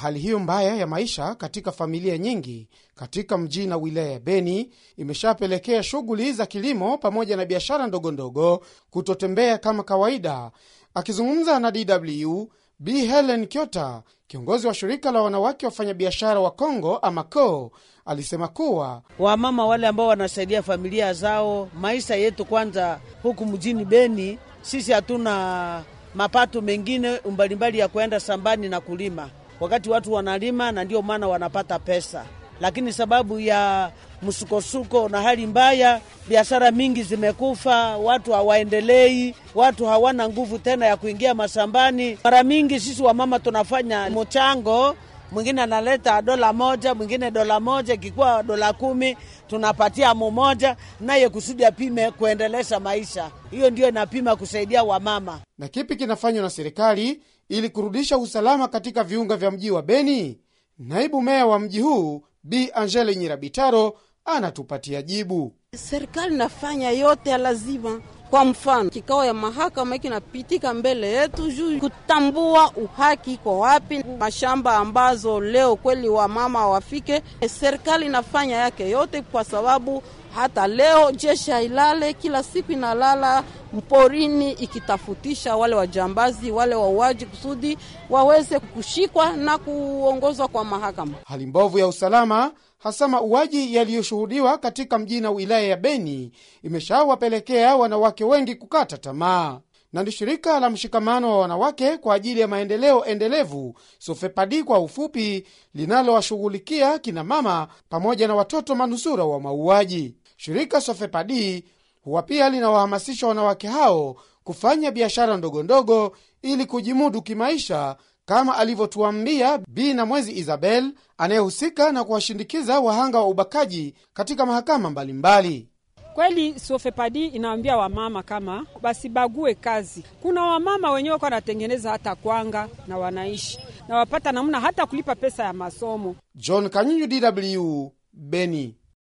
Hali hiyo mbaya ya maisha katika familia nyingi katika mji na wilaya ya Beni imeshapelekea shughuli za kilimo pamoja na biashara ndogondogo kutotembea kama kawaida. Akizungumza na DW, b Helen Kyota, kiongozi wa shirika la wanawake wafanyabiashara wa Kongo AMACO, alisema kuwa wamama wale ambao wanasaidia familia zao, maisha yetu kwanza huku mjini Beni, sisi hatuna mapato mengine mbalimbali ya kuenda sambani na kulima wakati watu wanalima, na ndio maana wanapata pesa, lakini sababu ya msukosuko na hali mbaya, biashara mingi zimekufa, watu hawaendelei, watu hawana nguvu tena ya kuingia mashambani. Mara mingi sisi wamama tunafanya mchango mwingine analeta dola moja, mwingine dola moja, ikikuwa dola kumi tunapatia mmoja, naye kusudi apime kuendelesha maisha. Hiyo ndiyo inapima kusaidia wamama. Na kipi kinafanywa na serikali ili kurudisha usalama katika viunga vya mji wa Beni? Naibu meya wa mji huu Bi Angele Nyirabitaro anatupatia jibu. Serikali nafanya yote ya lazima kwa mfano, kikao ya mahakama hiki napitika mbele yetu juu kutambua uhaki kwa wapi mashamba ambazo leo kweli wamama wafike. Serikali inafanya yake yote kwa sababu hata leo jeshi hailale, kila siku inalala mporini ikitafutisha wale wajambazi wale wauaji kusudi waweze kushikwa na kuongozwa kwa mahakama. Hali mbovu ya usalama hasa mauaji yaliyoshuhudiwa katika mji na wilaya ya Beni imeshawapelekea wanawake wengi kukata tamaa na ni shirika la mshikamano wa wanawake kwa ajili ya maendeleo endelevu SOFEPADI kwa ufupi, linalowashughulikia kinamama pamoja na watoto manusura wa mauaji. Shirika SOFEPADI huwa pia linawahamasisha wanawake hao kufanya biashara ndogondogo ili kujimudu kimaisha, kama alivyotuambia Bi na Mwezi Isabel anayehusika na kuwashindikiza wahanga wa ubakaji katika mahakama mbalimbali mbali. Kweli Sofepadi inaambia wamama kama bague kazi. Kuna wamama wenyewe wako wanatengeneza hata kwanga na wanaishi na wapata namna hata kulipa pesa ya masomo. John kanyunyu DW, Beni.